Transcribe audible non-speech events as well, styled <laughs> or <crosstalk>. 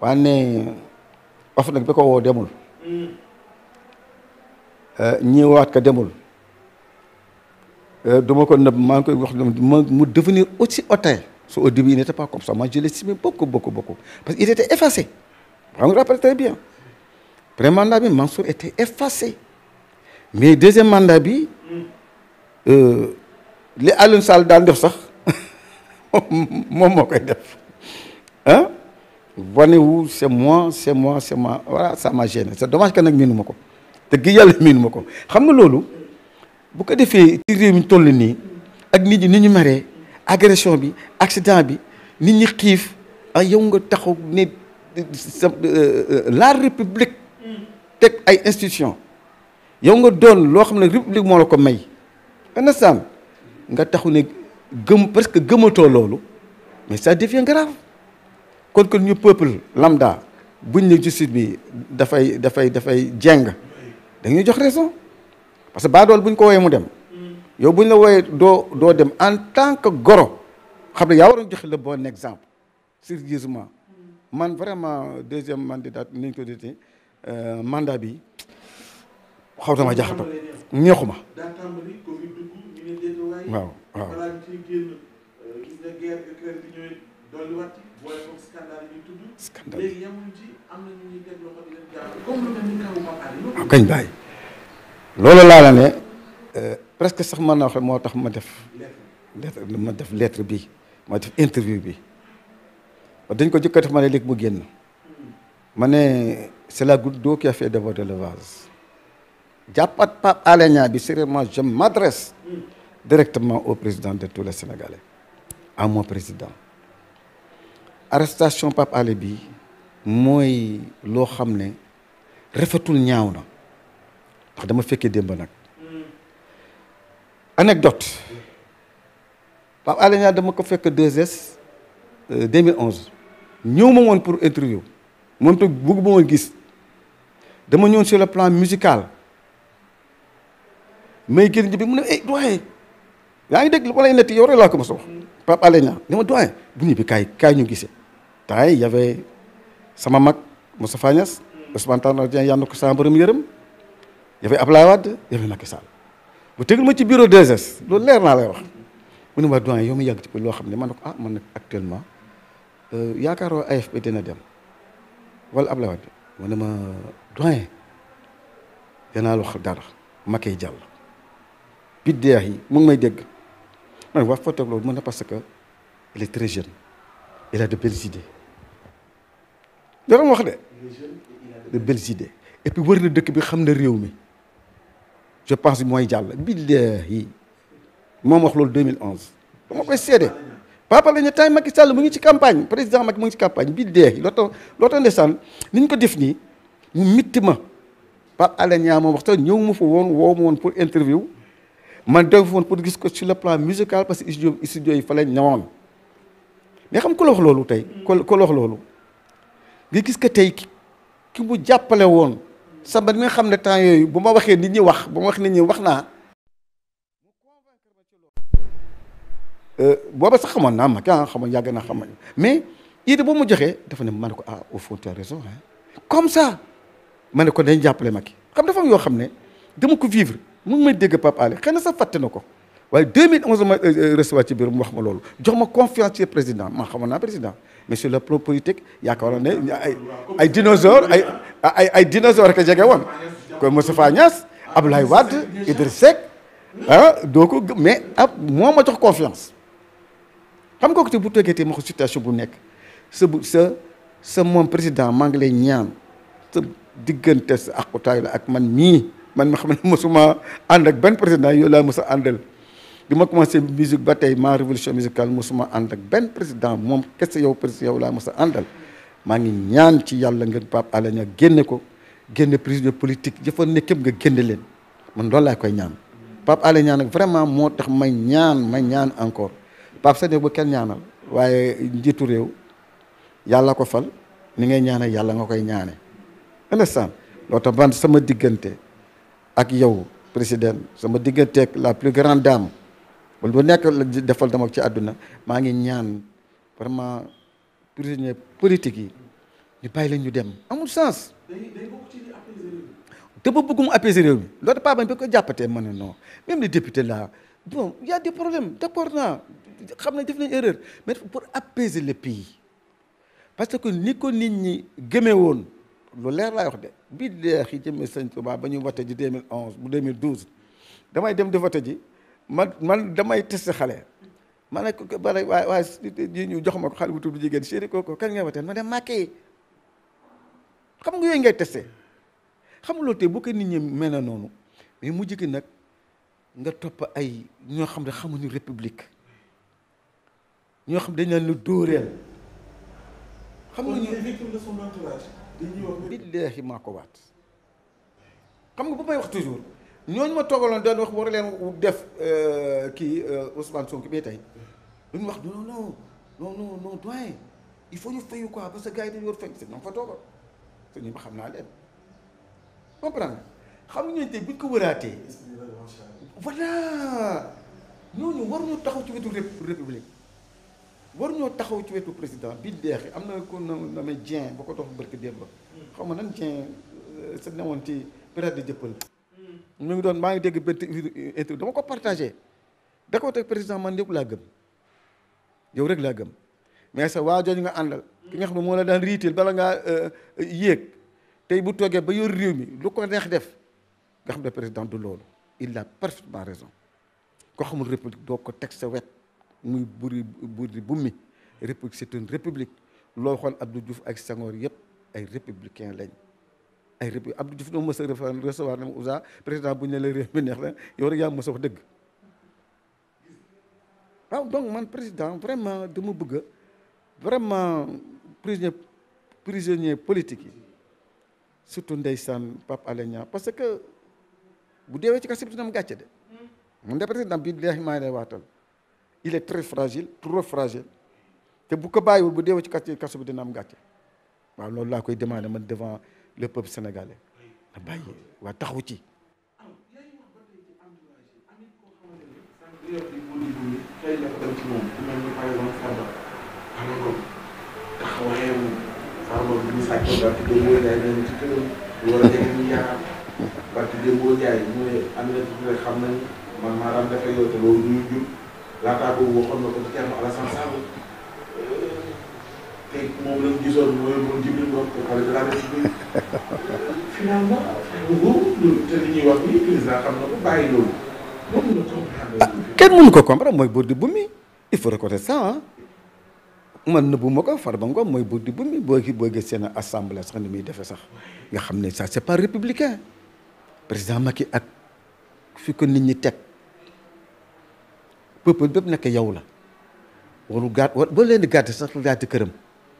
waane of nag bi ko woo demul eh, ñi waat ka demul eh, du ma ko nëb maa ngi koy wax mu devenir aussi hautain su au début il n'était pas comme ça moi je l'estimais beaucoup beaucoup beaucoup parce qu'il était effacé xam nga rappelle très bien premier mandat bi Mansour était effacé mais deuxième manda bi mm. euh, li Alioune Sall daan def sax <laughs> moom moo koy def ah wanewul c'est moi c'est moi c'est moi voilà ça m'a gêné c'est dommage que nag miinu ma ko te gi yàlla <laughs> miinu ma ko xam nga loolu bu ko defee ci réew mi toll nii ak nit ñi ni ñu maree agression bi accident bi nit ñi xiif ay ah, yow nga taxaw ne sa euh, euh, la république teg ay institution yow nga doon loo xam ne république moo la ko may understand nga taxu ne gëm parce que gëmatoo loolu mais saa devient grave kon kon ñu peuple lambda buñ ne justice bi dafay dafay dafay jeng dañuy jox raison parce que baadool buñ ko wooyee mu dem yow buñ la wooyee doo doo dem en tant que goro xam ne yaa waroon joxe le bon exemple sérieusement man vraiment deuxième mandat nañ ko dite euh, mandat bi xaw dama jaxata neexuma loolu lu scandale yi tudd. scandale léegi ah, loolu laa la ne euh, presque sax ma na wax moo tax ma def. lettre ma def lettre bi ma def interview bi dañ ko jëkka ma ne léegi mu génn hmm. ma ne c'est la goutte d'eau qui a fait déborder le vase jàppat pat Alé Niang bi sérieusement je m'adresse hmm. directement au président de tout le Sénégalais à mon président arrestation Pape Alé bi mooy loo xam ne rafetul ñaaw na ndax dama fekkee démb nag anecdote Pape Alé dama ko fekk 2S 2011 euh, ñëw ma woon pour interview moom te bëgg ma woon gis dama ñëwoon sur le plan musical may génn bi mu ne eh doyen yaa ngi dégg wala netti yow rek laa ko mos a Pape Alé Niang ni ma doyen bu ñibbi kaay kaay ñu gisee temps yi y sama mag Moustapha Niass Ousmane Tanor Dieng yàlla na ko sama borom yërëm y avait Abdoulaye Wade y avait Macky bu tegal ma ci bureau 2S loolu leer naa lay wax mu ne ma doyen yow mi yàgg ci loo xam ne man ne ko ah man nag actuellement euh, yaakaaroo AFP dina dem wala Abdoulaye Wade mu ne ma doyen danaa la wax jàll. yi mu ngi may dégg. non wax fa toog loolu mën na parce que il est très jeune il a de belles idées doon wax de de belles et puis wër na dëkk bi xam na réew mi je pense mooy jàll billahi moom wax loolu 2011 dama koy seede papa la ñu temps Macky Sall mu ngi ci campagne président Macky mu ngi ci campagne billahi loo tax loo tax ndeysaan ni ñu ko def nii mu mitti ma Pape Alé Niang moom wax ta ñëw ma fa woon woo ma woon pour interview man dégg foon pour gis ko sur le plan musical parce que studio studio yi fa lañ ñëwoon xam ku loolu tey ku loolu nga gis que tey ki mu jàppale woon samba xam ne temps yooyu bu ma waxee nit ñi wax bu wax nit ñi wax naa euh, booba sax xamoon naa ma ki a ah, xamoon yàgg naa xamoon mais idée bu mu joxee dafa ne ma ne ko ah au fond tu raison comme ça ma ne ko dañ jàppale ma ki xam dafa yoo xam ne dem ko vivre mu ngi may dégg Pape Alé xëy na sax fàtte na ko waaye 2011 ma euh, euh, recevoir ci biir mu wax ma loolu jox ma confiance ci président ma xamoon naa président mais le plan politique yaakaaroon ne ay ay dinosaures ay ay ay dinosaures rek a jege woon. kon Moustapha Niass Abdoulaye Wade Idrissa Seck ah doo ko mais ab moo ma jox confiance xam nga ko te bu toogee te ma ko situation bu nekk sa bu sa sa moom président maa ngi lay ñaan sa diggante sa aqutaay la ak man mii. man ma xam ne mosuma ànd ak benn président yow laa mos a àndal bi ma commencé musique ba tey ma révolution musicale mosuma ànd ak benn président moom kese yow président yow laa mos a àndal maa ngi ñaan ci yàlla ngeen Pape Alé Niang génne ko génne prisonnier politique jëfan ne képp nga génne leen man loolu laa koy ñaan Pape ale Niang nag vraiment moo tax may ñaan may ñaan encore Pape sa ne ba kenn ñaanal waaye njiitu réew yàlla ko fal ni ngay ñaane yàlla nga koy ñaane understand loo tax ban sama diggante ak yow président sama digganteeg la plus grande dame ba lu nekk la defal dama ci àdduna maa ngi ñaan vraiment prisonnier politique yi ñu bàyyi leen ñu dem amul sens. te ba bëggum apaiser réew mi loolu paa bañ bi ko ma ne non même les députés là bon y a des problèmes d'accord naa xam na def nañ erreur mais pour apaiser le pays parce que ni ko nit ñi gëmee woon. lu leer laay wax de bii deex yi jëmee sëñ Touba ba ñu voté ji 2011 bu 2012 damay dem di voté ji man man damay testé xale ma ne ko bare waaye waaye ñu jox ma ko xale bu tudd jigéen chéri kooku kan ngay voté ma ne Macky xam nga yooyu ngay testé xam nga loolu tey bu ko nit ñi mel na noonu mais mu gi nag nga topp ay ñoo xam ne xamuñu république ñoo xam dañ leen lu dóoreel. billaahi maa ko waat xam nga bu may wax toujours ñooñu ma toogaloon doon wax war leen def euh, kii euh, Ousmane Sonko bii tey duñu wax non non non non il faut ñu fayu ko parce que gars yi dañu war fay si ñoom fa toogal te ñu ma xam naa leen comprendre xam nga ñooñu tey buñ ko wëraatee voilà ñooñu war ñu taxaw ci wetu république war ñoo taxaw ci wetu président bi deexi am na ko na may Dieng boo ko dox barki démb xaw ma nan Dieng euh, sa newoon ci période de jëppal hmm. mu ngi doon maa ngi dégg benn dama ko partagé da ko teg président man yow laa gëm yow rek laa gëm mais sa waa jooju nga àndal ki nga xam ne moo la daan riitil bala ngaa euh, yéeg tey bu toogee ba yor réew mi lu ko neex def nga xam ne président du loolu il a parfaitement raison ko xamul république doo ko teg sa wet muy buri buri bummi république c'est une république loo xool Abdou Diouf ak Senghor yëpp ay républicain lañ ay répu Abdou Diouf dama mos a na ma ousa président bu ñu ne la réew mi neex na yow rek yaa mos a dëgg waaw donc man président vraiment dama bëgg vraiment prisonnier prisonnier politique yi surtout ndeysaan Pape Alé Niang parce que bu deewee ci kaso bi dina am gàcce de. mu hmm. de président bi de maa ngi waatal. il est très fragile trop fragile te bu ko bàyyiwul bu deewee ci kaso kaso bi dina am gàcce waaw loolu laa koy demandé man devant le peuple sénégalais na bàyyi waa taxaw ci. parce que déggoo jaay mu ne am na ci xam nañ man maanaam dafa yow te loolu ñuy jur laataa boobu ko ci euh, mooy moom Djibril euh, Ngom te pare na ko ko comprendre mooy buur bumi il faut reconnaître ça man nëbbu ma ko Farba Ngom mooy buur di bumi boo boo gis seen assemblée sax ni muy defee sax nga xam ne ça c'est pas républicain président Macky ak fi ko nit ñi teg. peuple bépp nekk yow la warul gat war ba leen di gàtt sax gàtt këram